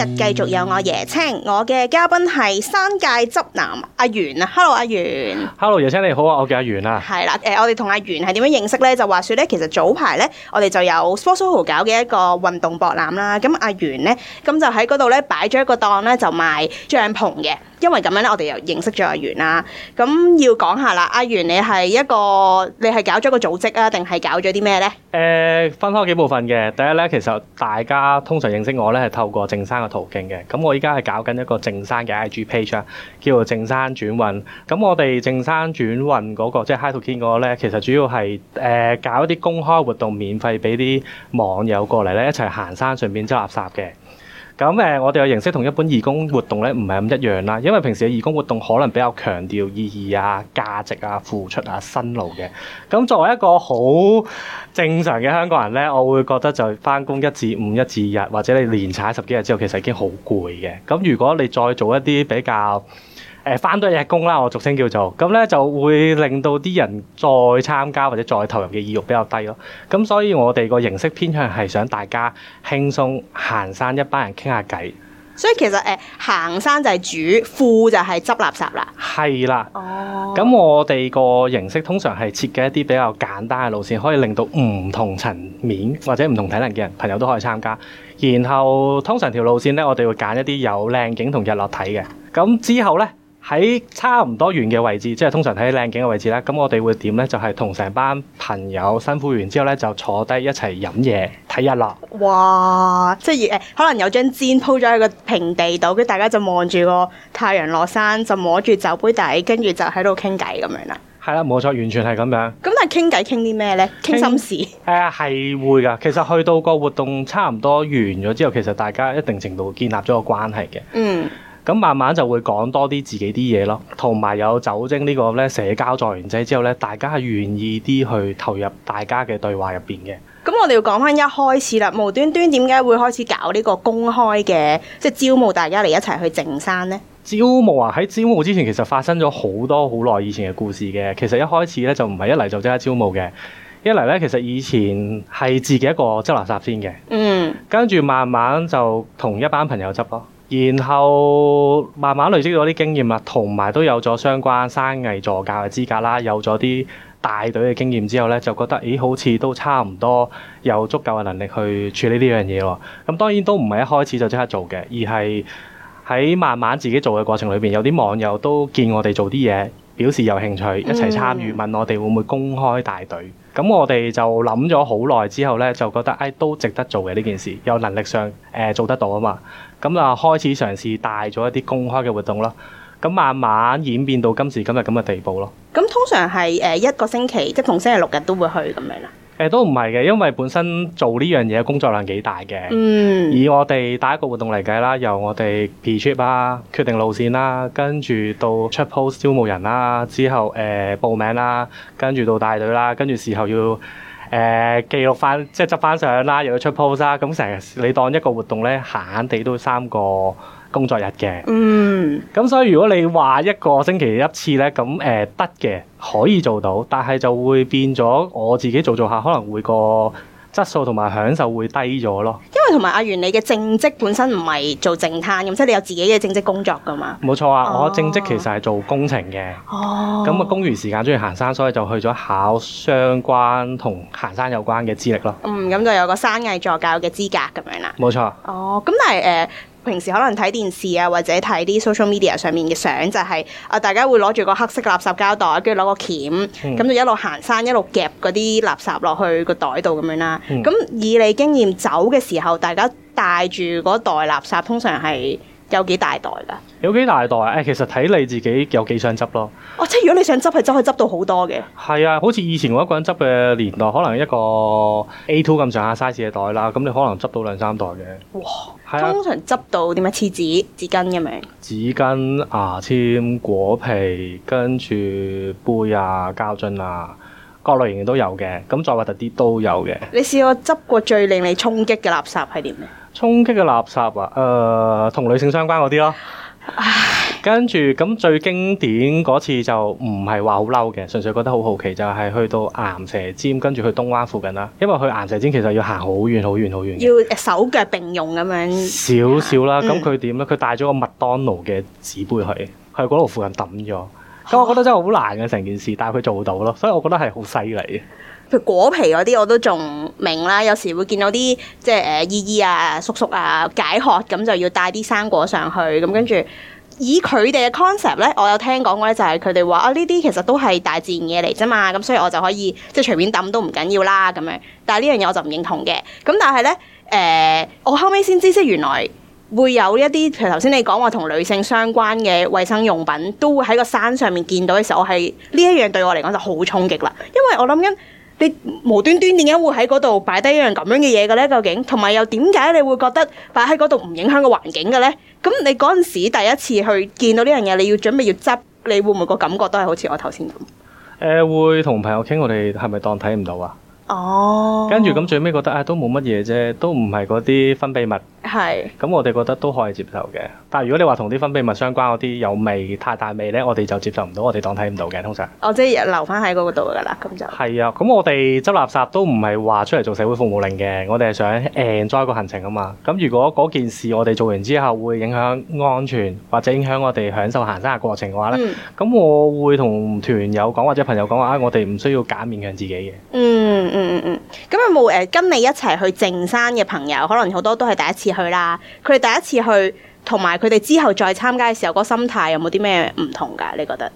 日繼續有我爺青，我嘅嘉賓係山界執男阿源。啊，Hello 阿源 h e l l o 爺青你好啊，我叫阿源啊，係啦，誒、呃、我哋同阿源係點樣認識咧？就話説咧，其實早排咧，我哋就有 Forsoho 搞嘅一個運動博覽啦，咁阿源咧，咁就喺嗰度咧擺咗一個檔咧，就賣帳篷嘅。因為咁樣咧，我哋又認識咗阿源啦。咁要講下啦，阿源你係一個，你係搞咗個組織啊，定係搞咗啲咩咧？誒，分開幾部分嘅。第一咧，其實大家通常認識我咧，係透過淨山嘅途徑嘅。咁我依家係搞緊一個淨山嘅 IG page 啊，叫做淨山轉運。咁我哋淨山轉運嗰個，即係 hiketoclean 嗰個咧，其實主要係誒搞一啲公開活動，免費俾啲網友過嚟咧一齊行山，順便執垃圾嘅。咁誒，我哋嘅形式同一般義工活動咧，唔係咁一樣啦。因為平時嘅義工活動可能比較強調意義啊、價值啊、付出啊、辛勞嘅。咁作為一個好正常嘅香港人咧，我會覺得就返工一至五、一至日，或者你連踩十幾日之後，其實已經好攰嘅。咁如果你再做一啲比較，誒翻多一日工啦，我俗稱叫做咁咧，就會令到啲人再參加或者再投入嘅意欲比較低咯。咁所以，我哋個形式偏向係想大家輕鬆行山一，一班人傾下偈。所以其實誒、呃、行山就係主，副就係執垃圾啦。係啦。哦。咁我哋個形式通常係設計一啲比較簡單嘅路線，可以令到唔同層面或者唔同體能嘅人朋友都可以參加。然後通常條路線咧，我哋會揀一啲有靚景同日落睇嘅。咁之後咧。喺差唔多完嘅位置，即係通常睇靚景嘅位置啦。咁我哋會點呢？就係同成班朋友辛苦完之後呢，就坐低一齊飲嘢睇日落。哇！即係、呃、可能有張氈鋪咗喺個平地度，跟住大家就望住個太陽落山，就摸住酒杯底，跟住就喺度傾偈咁樣啦。係啦、啊，冇錯，完全係咁樣。咁但係傾偈傾啲咩呢？傾心事。誒，係、呃、會噶。其實去到個活動差唔多完咗之後，其實大家一定程度建立咗個關係嘅。嗯。咁慢慢就會講多啲自己啲嘢咯，同埋有，有酒精呢個咧社交助燃劑之後咧，大家係願意啲去投入大家嘅對話入邊嘅。咁我哋要講翻一開始啦，無端端點解會開始搞呢個公開嘅，即係招募大家嚟一齊去淨山呢？招募啊！喺招募之前，其實發生咗好多好耐以前嘅故事嘅。其實一開始咧就唔係一嚟就即刻招募嘅，一嚟咧其實以前係自己一個執垃圾先嘅，嗯，跟住慢慢就同一班朋友執咯。然後慢慢累積咗啲經驗啊，同埋都有咗相關山藝助教嘅資格啦，有咗啲大隊嘅經驗之後咧，就覺得咦、哎、好似都差唔多有足夠嘅能力去處理呢樣嘢喎。咁、嗯、當然都唔係一開始就即刻做嘅，而係喺慢慢自己做嘅過程裏邊，有啲網友都見我哋做啲嘢，表示有興趣一齊參與，問我哋會唔會公開大隊。咁、嗯、我哋就諗咗好耐之後咧，就覺得誒、哎、都值得做嘅呢件事，有能力上誒、呃、做得到啊嘛。咁啊，開始嘗試帶咗一啲公開嘅活動咯，咁慢慢演變到今時今日咁嘅地步咯。咁通常係誒，一個星期，即同星期六日都會去咁樣啦。誒都唔係嘅，因為本身做呢樣嘢工作量幾大嘅。嗯。以我哋第一個活動嚟計啦，由我哋 pre-trip 啊，決定路線啦，跟住到出 post 招募人啦，之後誒報名啦，跟住到帶隊啦，跟住事後要。誒、呃、記錄翻，即係執翻相啦，又要出 post 啦、啊，咁成日你當一個活動咧，閒閒地都三個工作日嘅。嗯。咁所以如果你話一個星期一次咧，咁誒得嘅，可以做到，但係就會變咗我自己做做下，可能會個。質素同埋享受會低咗咯，因為同埋阿源你嘅正職本身唔係做淨山，咁即係你有自己嘅正職工作噶嘛？冇錯啊，我正職其實係做工程嘅，咁啊、哦、工餘時間中意行山，所以就去咗考相關同行山有關嘅資歷咯。嗯，咁就有個山藝助教嘅資格咁樣啦。冇錯、啊。哦，咁但係誒。Uh, 平時可能睇電視啊，或者睇啲 social media 上面嘅相、就係，就係啊大家會攞住個黑色垃圾膠袋，跟住攞個鉗，咁、嗯、就一路行山一路夾嗰啲垃圾落去個袋度咁樣啦、啊。咁、嗯、以你經驗，走嘅時候大家帶住嗰袋垃圾，通常係。有幾大袋啦？有幾大袋啊？其實睇你自己有幾想執咯。哦，即係如果你想執，係執係執到好多嘅。係啊，好似以前我一個人執嘅年代，可能一個 A two 咁上下 size 嘅袋啦，咁你可能執到兩三袋嘅。哇啊、通常執到啲咩？廁紙、紙巾咁樣。紙巾、牙籤、果皮，跟住杯啊、膠樽啊，各類型都有嘅。咁再核突啲都有嘅。你試過執過最令你衝擊嘅垃圾係點？衝擊嘅垃圾啊，誒、呃，同女性相關嗰啲咯。唉 跟住咁最經典嗰次就唔係話好嬲嘅，純粹覺得好好奇，就係去到蚺蛇尖，跟住去東灣附近啦。因為去蚺蛇尖其實要行好遠、好遠、好遠、好遠、好遠嘅。要手腳並用咁樣。少少啦，咁佢點咧？佢帶咗個麥當勞嘅紙杯去，喺嗰度附近抌咗。咁、啊、我覺得真係好難嘅、啊、成件事，但係佢做到咯，所以我覺得係好犀利嘅。譬如果皮嗰啲我都仲明啦，有時會見到啲即係誒姨姨啊、叔叔啊解渴咁就要帶啲生果上去咁，跟、嗯、住以佢哋嘅 concept 咧，我有聽講過咧就係佢哋話啊呢啲其實都係大自然嘢嚟啫嘛，咁、嗯、所以我就可以即係隨便抌都唔緊要啦咁樣。但係呢樣嘢我就唔認同嘅。咁、嗯、但係咧誒，我後尾先知，即係原來會有一啲譬如頭先你講話同女性相關嘅衛生用品都會喺個山上面見到嘅時候，我係呢一樣對我嚟講就好衝擊啦，因為我諗緊。你無端端點解會喺嗰度擺低一樣咁樣嘅嘢嘅呢？究竟同埋又點解你會覺得擺喺嗰度唔影響個環境嘅呢？咁你嗰陣時第一次去見到呢樣嘢，你要準備要執，你會唔會個感覺都係好似我頭先咁？誒，會同朋友傾，我哋係咪當睇唔到啊？哦。跟住咁最尾覺得啊，哎，都冇乜嘢啫，都唔係嗰啲分泌物。係，咁我哋覺得都可以接受嘅。但係如果你話同啲分泌物相關嗰啲有味太大味咧，我哋就接受唔到，我哋當睇唔到嘅通常。哦，即係留翻喺嗰個度噶啦，咁就係啊。咁我哋執垃圾都唔係話出嚟做社會服務令嘅，我哋係想 enjoy 個行程啊嘛。咁如果嗰件事我哋做完之後會影響安全或者影響我哋享受行山嘅過程嘅話咧，咁我會同團友講或者朋友講話啊，我哋唔需要揀勉強自己嘅。嗯嗯嗯嗯，咁有冇誒跟你一齊去淨山嘅朋友？可能好多都係第一次去。去啦！佢哋第一次去，同埋佢哋之後再參加嘅時候，嗰、那個、心態有冇啲咩唔同噶？你覺得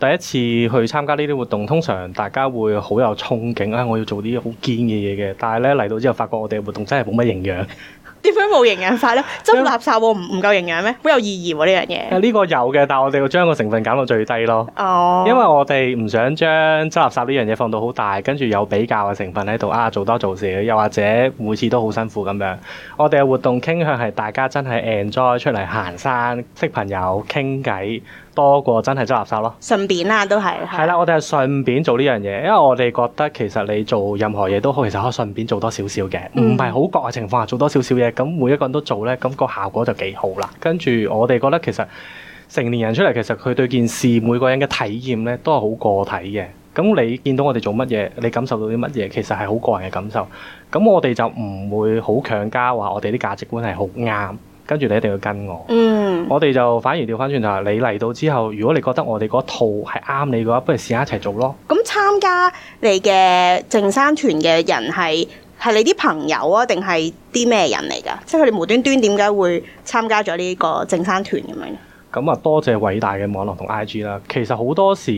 第一次去參加呢啲活動，通常大家會好有憧憬啊、哎！我要做啲好堅嘅嘢嘅，但係咧，嚟到之後，發覺我哋嘅活動真係冇乜營養。點解冇營養法呢？執垃圾唔唔夠營養咩？好有意義喎呢樣嘢。呢個有嘅，但係我哋要將個成分減到最低咯。哦。因為我哋唔想將執垃圾呢樣嘢放到好大，跟住有比較嘅成分喺度啊，做多做少，又或者每次都好辛苦咁樣。我哋嘅活動傾向係大家真係 enjoy 出嚟行山、識朋友、傾偈，多過真係執垃圾咯，順便啦都係。係啦的，的我哋係順便做呢樣嘢，因為我哋覺得其實你做任何嘢都好，其實可以順便做多少少嘅，唔係好覺嘅情況下做多少少嘢，咁每一個人都做咧，咁個效果就幾好啦。跟住我哋覺得其實成年人出嚟，其實佢對件事每個人嘅體驗咧都係好個體嘅。咁你見到我哋做乜嘢，你感受到啲乜嘢，其實係好個人嘅感受。咁我哋就唔會好強加話我哋啲價值觀係好啱。跟住你一定要跟我。嗯，我哋就反而調翻轉頭，你嚟到之後，如果你覺得我哋嗰套係啱你嘅話，不如試下一齊做咯。咁參加你嘅淨山團嘅人係係你啲朋友啊，定係啲咩人嚟㗎？即係佢哋無端端點解會參加咗呢個淨山團咁樣？咁啊、嗯，嗯、多謝偉大嘅網絡同 IG 啦。其實好多時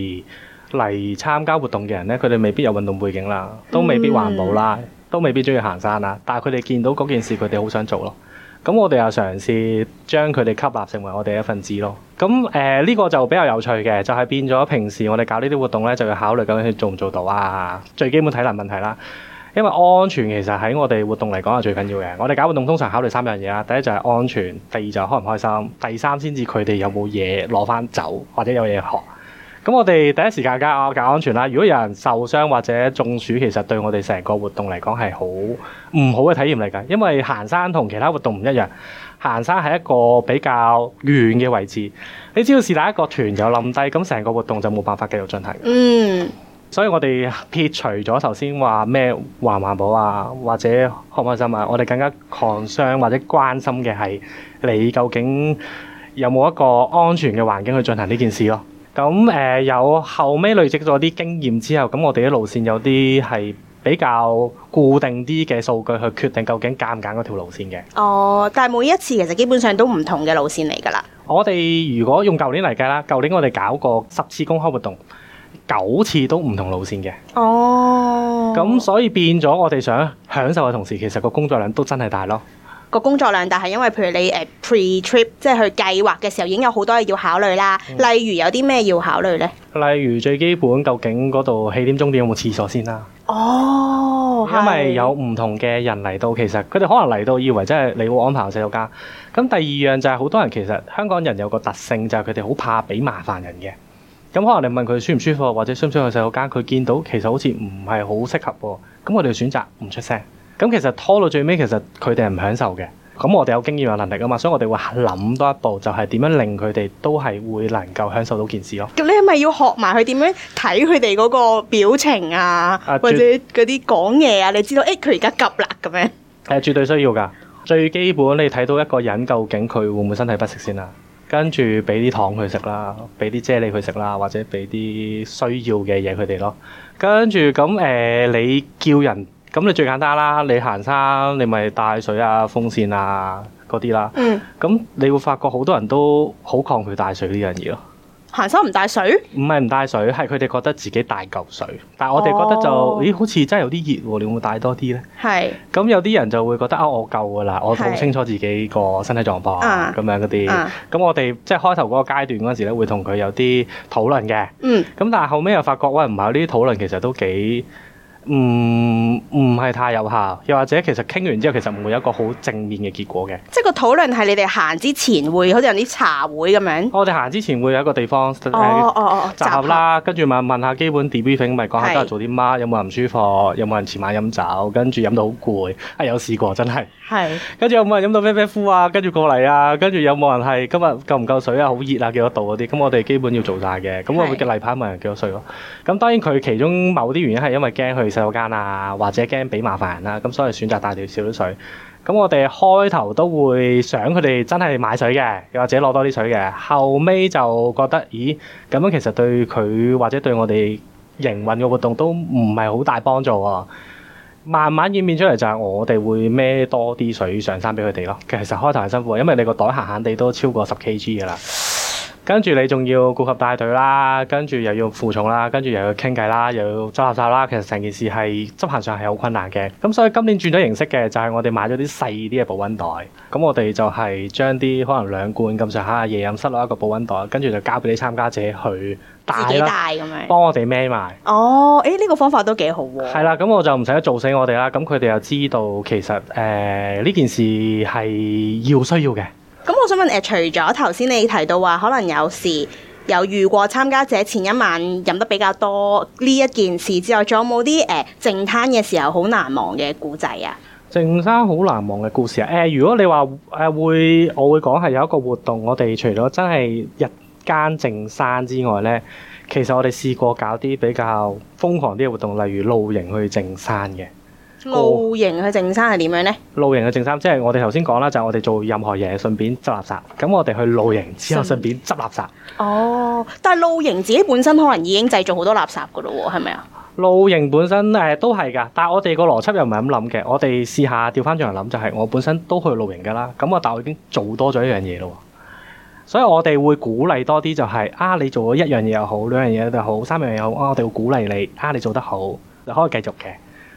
嚟參加活動嘅人咧，佢哋未必有運動背景啦，都未必環保啦，都未必中意行山啊。但係佢哋見到嗰件事，佢哋好想做咯。咁我哋又嘗試將佢哋吸納成為我哋一份子咯。咁誒呢個就比較有趣嘅，就係變咗平時我哋搞呢啲活動咧，就要考慮究竟佢做唔做到啊。最基本體能問題啦，因為安全其實喺我哋活動嚟講係最緊要嘅。我哋搞活動通常考慮三樣嘢啦，第一就係安全，第二就係開唔開心，第三先至佢哋有冇嘢攞翻走或者有嘢學。咁我哋第一時間教教安全啦。如果有人受傷或者中暑，其實對我哋成個活動嚟講係好唔好嘅體驗嚟㗎。因為行山同其他活動唔一樣，行山係一個比較遠嘅位置。你只要係第一個團友冧低，咁成個活動就冇辦法繼續進行。嗯。所以我哋撇除咗頭先話咩環環保啊，或者學問生物啊，我哋更加 concern 或者關心嘅係你究竟有冇一個安全嘅環境去進行呢件事咯。咁誒有後尾累積咗啲經驗之後，咁我哋啲路線有啲係比較固定啲嘅數據去決定究竟揀唔揀嗰條路線嘅。哦，但係每一次其實基本上都唔同嘅路線嚟㗎啦。我哋如果用舊年嚟計啦，舊年我哋搞過十次公開活動，九次都唔同路線嘅。哦，咁所以變咗我哋想享受嘅同時，其實個工作量都真係大咯。個工作量，但係因為譬如你誒 pre-trip，即係去計劃嘅時候，已經有好多嘢要考慮啦。嗯、例如有啲咩要考慮呢？例如最基本，究竟嗰度起點終點有冇廁所先啦、啊？哦，因為有唔同嘅人嚟到，其實佢哋可能嚟到以為真係你會安排去洗手間。咁第二樣就係好多人其實香港人有個特性，就係佢哋好怕俾麻煩人嘅。咁可能你問佢舒唔舒服，或者需唔需要去洗手間，佢見到其實好似唔係好適合噃。咁我哋選擇唔出聲。咁其實拖到最尾，其實佢哋係唔享受嘅。咁我哋有經驗有能力啊嘛，所以我哋會諗多一步，就係點樣令佢哋都係會能夠享受到件事咯。咁你係咪要學埋佢點樣睇佢哋嗰個表情啊，或者嗰啲講嘢啊？你知道誒，佢而家急啦咁樣？係、啊、絕對需要噶。最基本你睇到一個人究竟佢會唔會身體不適先、啊、啦。跟住俾啲糖佢食啦，俾啲啫喱佢食啦，或者俾啲需要嘅嘢佢哋咯。跟住咁誒，你叫人。咁你最簡單啦，你行山你咪帶水啊、風扇啊嗰啲啦。嗯。咁你會發覺好多人都好抗拒帶水呢樣嘢咯。行山唔帶水？唔係唔帶水，係佢哋覺得自己帶嚿水，但係我哋覺得就、哦、咦，好似真係有啲熱喎、啊，你會唔會帶多啲咧？係是。咁有啲人就會覺得啊，我夠㗎啦，我好清楚自己個身體狀況是啊，咁樣嗰啲。咁、啊啊、我哋即係開頭嗰個階段嗰陣時咧，會同佢有啲討論嘅。嗯。咁、嗯嗯、但係後尾又發覺，喂唔係，呢啲討論其實都幾～唔唔係太有效，又或者其實傾完之後其實唔會有一個好正面嘅結果嘅。即係個討論係你哋行之前會好似有啲茶會咁樣。我哋行之前會有一個地方哦哦哦集合啦，跟住合問問下基本 d b i 咪講下今日做啲乜，有冇人唔舒服，有冇人前晚飲酒，跟住飲到好攰，係、哎、有試過真係。係是。跟住有冇人飲到啡啡呼啊？跟住過嚟啊？跟住有冇人係今日夠唔夠水啊？好熱啊！幾多度嗰啲？咁我哋基本要做晒嘅。咁我會嘅例牌問人幾多歲咯、啊。咁是當然佢其中某啲原因係因為驚佢。洗手間啊，或者驚俾麻煩人啦，咁所以選擇帶少少水。咁我哋開頭都會想佢哋真係買水嘅，又或者攞多啲水嘅，後尾就覺得，咦，咁樣其實對佢或者對我哋營運嘅活動都唔係好大幫助啊。慢慢演變出嚟就係我哋會孭多啲水上山俾佢哋咯。其實開頭係辛苦啊，因為你個袋閒閒地都超過十 Kg 噶啦。跟住你仲要顧及帶隊啦，跟住又要負重啦，跟住又要傾偈啦，又要執垃圾啦。其實成件事係執行上係好困難嘅。咁所以今年轉咗形式嘅，就係我哋買咗啲細啲嘅保溫袋。咁我哋就係將啲可能兩罐咁上下嘢飲塞落一個保溫袋，跟住就交俾啲參加者去帶啦。幫我哋孭埋。哦，誒呢、這個方法都幾好喎。係啦，咁我就唔使做死我哋啦。咁佢哋又知道其實誒呢、呃、件事係要需要嘅。咁我想問誒、呃，除咗頭先你提到話可能有時有遇過參加者前一晚飲得比較多呢一件事之外，仲有冇啲誒靜灘嘅時候好難忘嘅故仔啊？靜山好難忘嘅故事啊！誒、啊呃，如果你話誒、呃、會，我會講係有一個活動，我哋除咗真係日間靜山之外咧，其實我哋試過搞啲比較瘋狂啲嘅活動，例如露營去靜山嘅。露營嘅淨山係點樣呢？露營嘅淨山，即係我哋頭先講啦，就是、我哋做任何嘢順便執垃圾。咁我哋去露營之後順便執垃圾。哦，但係露營自己本身可能已經製造好多垃圾噶咯，係咪啊？露營本身誒都係噶，但係我哋個邏輯又唔係咁諗嘅。我哋試下調翻轉嚟諗，就係、是、我本身都去露營噶啦。咁我但我已經做多咗一樣嘢咯。所以我哋會鼓勵多啲、就是，就係啊，你做咗一樣嘢又好，兩樣嘢又好，三樣又好，啊、我哋會鼓勵你啊，你做得好，你可以繼續嘅。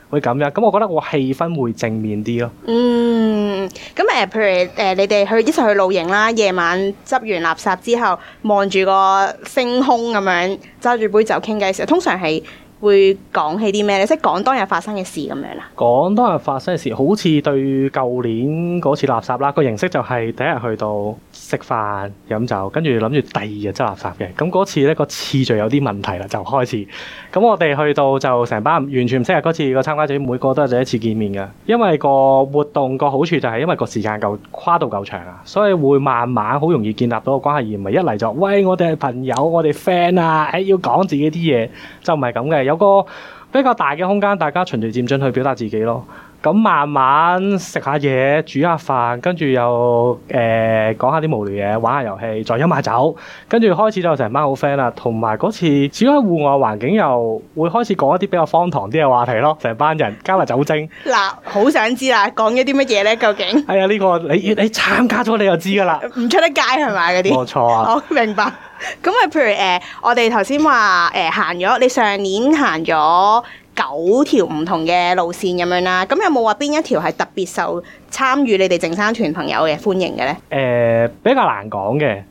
會咁樣，咁我覺得我氣氛會正面啲咯、嗯。嗯，咁誒，譬如誒，你哋去一齊去露營啦，夜晚執完垃圾之後，望住個星空咁樣，揸住杯酒傾偈時候，通常係。會講起啲咩咧？即係講當日發生嘅事咁樣啦。講當日發生嘅事，好似對舊年嗰次垃圾啦，個形式就係第一日去到食飯飲酒，跟住諗住第二日執垃圾嘅。咁嗰次咧個次序有啲問題啦，就開始。咁我哋去到就成班完全唔識嘅，嗰次個參加者，每個都係第一次見面嘅。因為個活動個好處就係因為個時間夠，跨度夠長啊，所以會慢慢好容易建立到個關係，而唔係一嚟就，喂我哋係朋友，我哋 friend 啊，誒要講自己啲嘢，就唔係咁嘅。有個比較大嘅空間，大家循序漸進去表達自己咯。咁慢慢食下嘢，煮下飯，跟住又誒講、呃、下啲無聊嘢，玩下遊戲，再飲下酒，跟住開始就成班好 friend 啦。同埋嗰次，始終喺戶外環境又會開始講一啲比較荒唐啲嘅話題咯。成班人加埋酒精，嗱，好想知啦，講咗啲乜嘢咧？究竟、哎？係、這、啊、個，呢個你你參、哎、加咗你就知噶啦，唔出得街係咪？嗰啲？冇錯啊，我 明白。咁啊，譬如誒、呃，我哋頭先話誒行咗，你上年行咗九條唔同嘅路線咁樣啦。咁有冇話邊一條係特別受參與你哋淨山團朋友嘅歡迎嘅咧？誒、呃，比較難講嘅。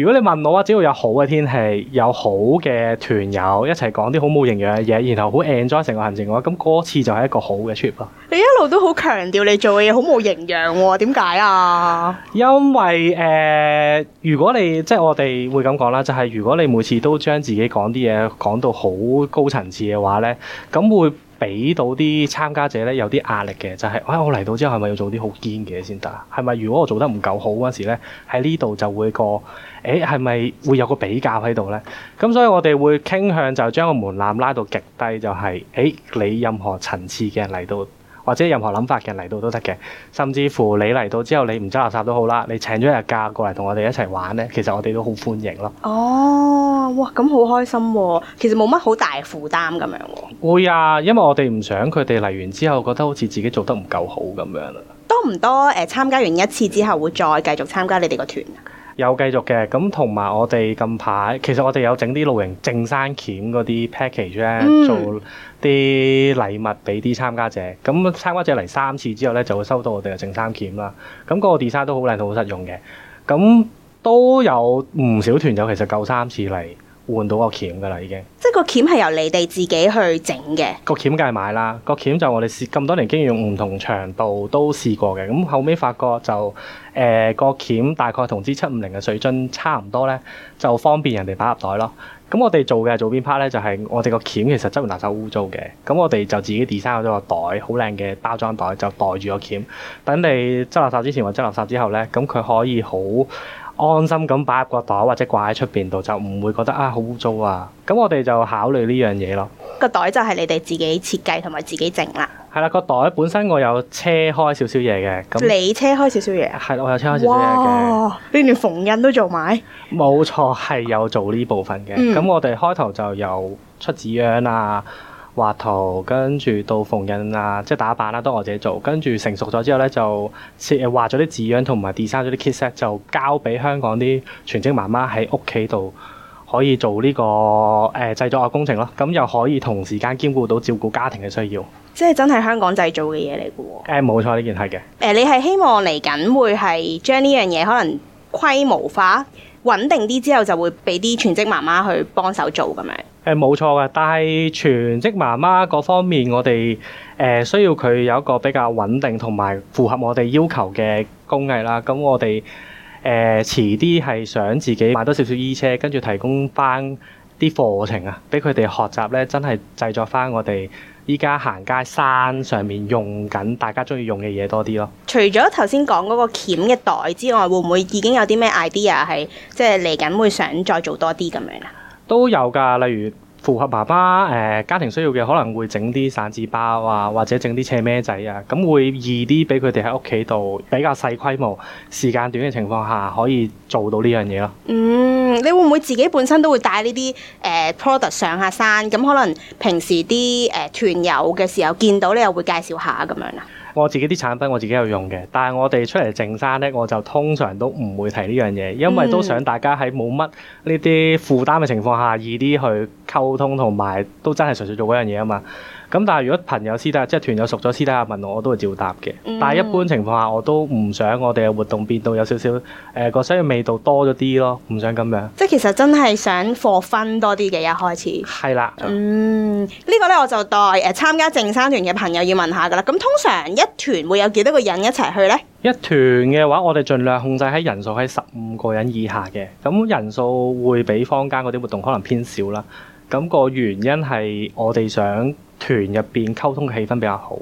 如果你問我話，只要有好嘅天氣，有好嘅團友一齊講啲好冇營養嘅嘢，然後好 enjoy 成個行程嘅話，咁嗰次就係一個好嘅 trip 啦。你一路都好強調你做嘅嘢好冇營養喎，點解啊？為因為誒、呃，如果你即係我哋會咁講啦，就係、係、如果你每次都將自己講啲嘢講到好高層次嘅話咧，咁會。俾到啲參加者咧，有啲壓力嘅，就係，哎，我嚟到之後係咪要做啲好堅嘅先得？係咪如果我做得唔夠好嗰時咧，喺呢度就會個，誒係咪會有個比較喺度咧？咁所以我哋會傾向就將個門檻拉到極低，就係，誒你任何層次嘅嚟到。或者任何諗法嘅人嚟到都得嘅，甚至乎你嚟到之後你唔執垃圾都好啦，你請咗日假過嚟同我哋一齊玩呢，其實我哋都好歡迎咯。哦，哇，咁好開心喎，啊！其實冇乜好大負擔咁樣喎。會啊，因為我哋唔想佢哋嚟完之後覺得好似自己做得唔夠好咁樣。多唔多誒？呃，參加完一次之後會再繼續參加你哋個團啊？有繼續嘅。咁，同埋我哋近排其實我哋有整啲露營淨山鉗嗰啲 package 咧，做啲禮物俾啲參加者。咁參加者嚟三次之後咧，就會收到我哋嘅淨山鉗啦。咁嗰個 design 都好靚，好實用嘅。咁都有唔少團友，其實夠三次嚟。換到個鉗噶啦，已經。即係個鉗係由你哋自己去整嘅。個鉗梗係買啦，那個鉗就我哋試咁多年經驗，唔同長度都試過嘅。咁後尾發覺就誒、呃那個鉗大概同支七五零嘅水樽差唔多咧，就方便人哋擺入袋咯。咁我哋做嘅做邊 part 咧，就係、是、我哋個鉗其實執完垃圾污糟嘅，咁我哋就自己 design 咗個袋，好靚嘅包裝袋，就袋住個鉗，等你執垃圾之前或執垃圾之後咧，咁佢可以好安心咁擺入個袋，或者掛喺出邊度，就唔會覺得啊好污糟啊！咁我哋就考慮呢樣嘢咯。個袋就係你哋自己設計同埋自己整啦。係啦，個袋本身我有車開少少嘢嘅。咁你車開少少嘢啊？係，我有車開少少嘢嘅。哇！你連縫印都做埋？冇錯，係有做呢部分嘅。咁、嗯、我哋開頭就有出紙樣啊。畫圖跟住到縫紉啊，即係打板啦，都我自己做。跟住成熟咗之後咧，就誒畫咗啲紙樣同埋 design 咗啲 kit set 就交俾香港啲全職媽媽喺屋企度可以做呢、呢個誒、呃、製作嘅工程咯。咁又可以同時間兼顧到照顧家庭嘅需要。即係真係香港製造嘅嘢嚟嘅喎。冇、嗯、錯，呢件係嘅。誒、呃、你係希望嚟緊會係將呢樣嘢可能規模化穩定啲之後，就會俾啲全職媽媽去幫手做咁樣。誒，冇錯噶，但係全職媽媽嗰方面，我哋誒、呃、需要佢有一個比較穩定同埋符合我哋要求嘅工藝啦。咁我哋誒遲啲係想自己買多少少衣車，跟住提供翻啲課程啊，俾佢哋學習咧，真係製作翻我哋依家行街山上面用緊大家中意用嘅嘢多啲咯。除咗頭先講嗰個鉗嘅袋之外，會唔會已經有啲咩 idea 係即係嚟緊會想再做多啲咁樣啊？都有㗎，例如符合爸爸誒、呃、家庭需要嘅，可能會整啲散紙包啊，或者整啲斜孭仔啊，咁會易啲俾佢哋喺屋企度比較細規模、時間短嘅情況下可以做到呢樣嘢咯。嗯，你會唔會自己本身都會帶呢啲誒 product 上下山？咁可能平時啲誒團友嘅時候見到，你又會介紹下咁樣啦。我自己啲產品，我自己有用嘅，但係我哋出嚟淨山呢，我就通常都唔會提呢樣嘢，因為都想大家喺冇乜呢啲負擔嘅情況下易啲去溝通同埋都真係純粹做嗰樣嘢啊嘛。咁但係如果朋友私底下，即係團友熟咗私底下問我我都會照答嘅，但係一般情況下我都唔想我哋嘅活動變到有少少誒個商業味道多咗啲咯，唔想咁樣。即係其實真係想貨分多啲嘅一開始一。係啦的。嗯，呢對個咧我就代誒、呃、參加淨山團嘅朋友要問下噶啦。咁通常一團會有幾多個人一齊去咧？一團嘅話，我哋盡量控制喺人數喺十五個人以下嘅，咁人數會比坊間嗰啲活動可能偏少啦。咁、那個原因係我哋想。團入邊溝通嘅氣氛比較好，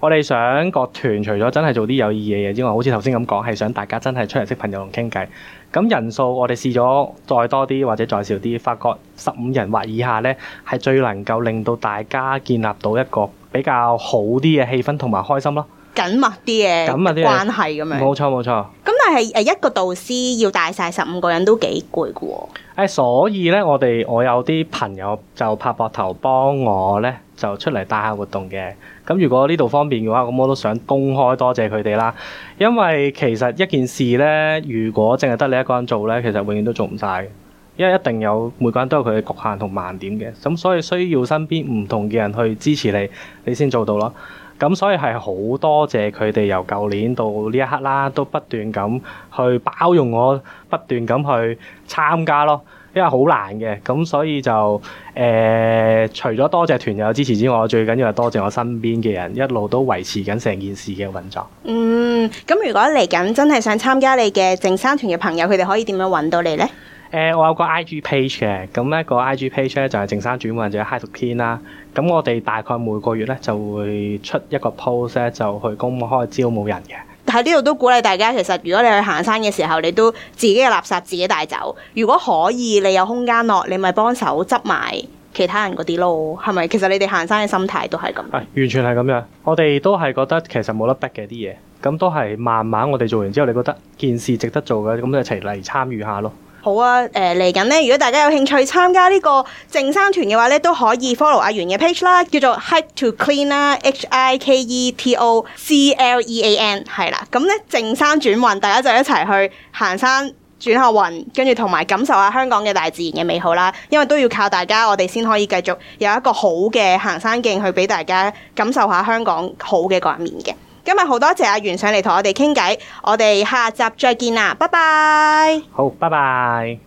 我哋想個團除咗真係做啲有意義嘅嘢之外，好似頭先咁講，係想大家真係出嚟識朋友同傾偈。咁人數我哋試咗再多啲或者再少啲，發覺十五人或以下呢，係最能夠令到大家建立到一個比較好啲嘅氣氛同埋開心咯，緊密啲嘅緊密啲嘅關係咁樣，冇錯冇錯。係誒，因為一個導師要帶晒十五個人都幾攰嘅喎。誒、哎，所以咧，我哋我有啲朋友就拍膊頭幫我咧，就出嚟帶下活動嘅。咁如果呢度方便嘅話，咁我都想公開多謝佢哋啦。因為其實一件事咧，如果淨係得你一個人做咧，其實永遠都做唔晒。因為一定有每個人都有佢嘅局限同盲點嘅，咁所以需要身邊唔同嘅人去支持你，你先做到咯。咁所以係好多謝佢哋由舊年到呢一刻啦，都不斷咁去包容我，不斷咁去參加咯，因為好難嘅。咁所以就誒，除咗多謝團友支持之外，最緊要係多謝我身邊嘅人一路都維持緊成件事嘅運作。嗯，咁如果嚟緊真係想參加你嘅淨山團嘅朋友，佢哋可以點樣揾到你呢？誒、呃，我有個 IG page 嘅，咁呢個 IG page 咧就係淨山轉運者 hiketoclean 啦。咁我哋大概每個月咧就會出一個 post 咧，就去公開招募人嘅。但喺呢度都鼓勵大家，其實如果你去行山嘅時候，你都自己嘅垃圾自己帶走。如果可以，你有空間落，你咪幫手執埋其他人嗰啲咯，係咪？其實你哋行山嘅心態都係咁。係、哎、完全係咁樣，我哋都係覺得其實冇得逼嘅啲嘢，咁都係慢慢我哋做完之後，你覺得件事值得做嘅，咁一齊嚟參與下咯。好啊，誒嚟緊咧，如果大家有興趣參加呢個淨山團嘅話咧，都可以 follow 阿源嘅 page 啦，叫做 Hike to Clean 啦，H I K E T O C L E A N，係啦，咁咧淨山轉運，大家就一齊去行山轉下運，跟住同埋感受下香港嘅大自然嘅美好啦，因為都要靠大家，我哋先可以繼續有一個好嘅行山徑去俾大家感受下香港好嘅一面嘅。今日好多謝阿源上嚟同我哋傾偈，我哋下集再見啦，拜拜。好，拜拜。